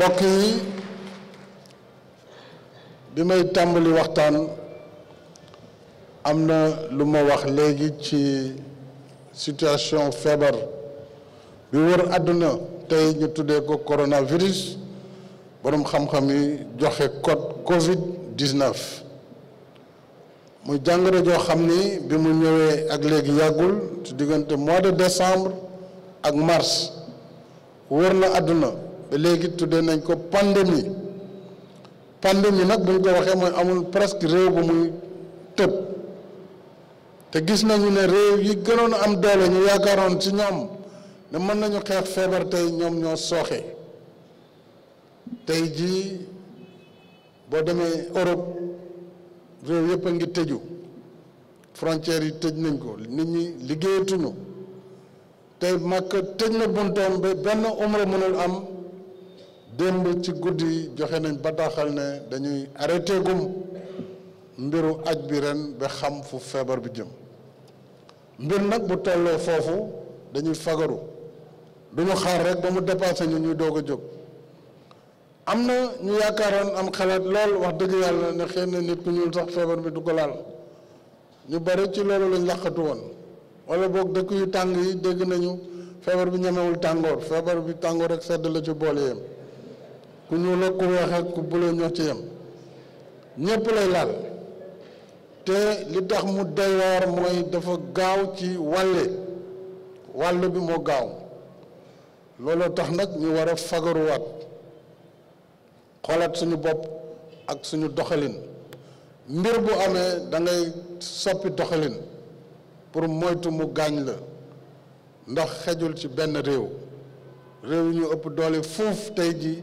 mbokk yi bi may tàmbali waxtaan am na lu ma wax léegi ci situation feebar bi wër àdduna tey ñu tuddee ko coronavirus boroom xam-xam yi joxe code Covid 19 muy jàngoro joo xam ni bi mu ñëwee ak léegi yàggul ci diggante mois de décembre ak mars wër na àdduna. léegi tuddee nañ ko pandémie pandémie nag buñ ko waxee mooy amul presque réew bu muy tëb te gis nañu ne réew yi gënoon am doole ñu yaakaaroon ci ñoom ne mën nañu xeex feebar tey ñoom ñoo sooxe tey jii boo demee Europe réew yëpp a ngi tëju frontières yi tëj nañ ko nit ñi liggéeyatuñu tey Makka tëj na buntoom ba benn umra mënul am démb ci guddi joxe nañ bataaxal ne dañuy arrêté gum mbiru aj bi ren ba xam fu feebar bi jëm mbir nag bu tollee foofu dañuy fagaru duñu xaar rek ba mu dépassé ñu ñuy doog a jóg am na ñu yaakaaroon am xalaat lool wax dëgg yàlla ne xëy ne nit ku ñuul sax feebar bi du ko laal ñu bari ci loolu lañ laqatu woon wala boog dëkk yu tàng yi dégg nañu feebar bi ñemewul tàngoor feebar bi tàngoor rek sedd la ci boole yem ku ñuul ak ku weex ak ku bulo ñoo ci yem ñëpp lay laal te li tax mu doy mooy dafa gaaw ci wàlle wàll bi moo gaaw looloo tax nag ñu war a fagaruwaat xoolaat suñu bopp ak suñu doxalin mbir bu amee dangay ngay soppi doxalin pour moytu mu gaañ la ndax xejul ci benn réew réew yi ñu ëpp doole fuuf tey jii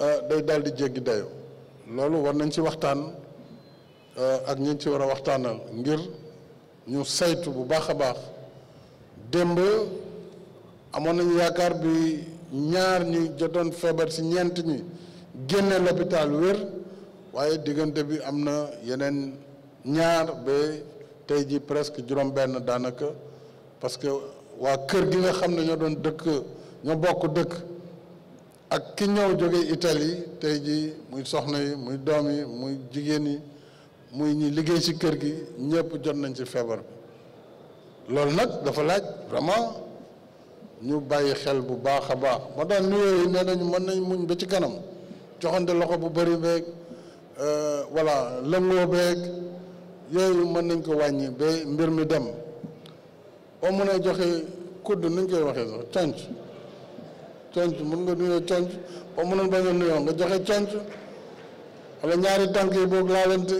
Eh, day dal di jéggi dayo loolu war nañ ci waxtaan eh, ak ñi ci war a ngir ñu saytu bu baax a baax démb amoon nañu yaakaar bi ñaar ñi jotoon feebar si ñeent ñi génne l'hôpital wér waaye diggante bi am na yeneen ñaar ba tey ji presque juróom-benn daanaka parce que waa kër gi nga xam ñoo doon dëkk ñoo bokk dëkk ak ki ñëw jóge Italie tey jii muy soxna yi muy doom yi muy jigéen yi muy ñi liggéey ci kër gi ñëpp jot nañ ci feebar bi loolu nag dafa laaj vraiment ñu bàyyi xel bu baax a baax moo tax nuyoo yi mën nañ muñ ba ci kanam joxante loxo bu bari beeg euh, voilà lëngoo beeg yooyu mën nañ ko wàññi ba mbir mi dem boo mën a joxe kudd nañ koy waxee sax conc conc mun nga nuyoo conc boo mënoon bañ a nuyoo nga joxe conc wala ñaari tànk yi boog laalante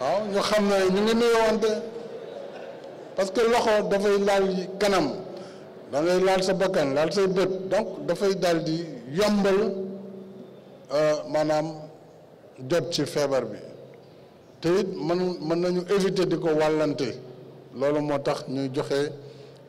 waaw ñu xam ne ñu ngi nuyoowante parce que loxo dafay laal kanam dangay laal sa bakkan laal say bët donc dafay daal di yombal euh, maanaam jot ci feebar bi te it mën mën nañu éviter di ko wàllante loolu moo tax ñuy joxe.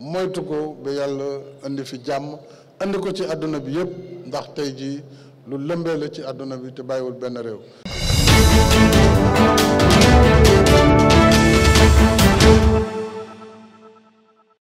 moytu ko ba yàlla indi fi jàmm indi ko ci àdduna bi yëpp ndax tey jii lu lëmbee la ci àdduna bi te bàyyiwul benn réew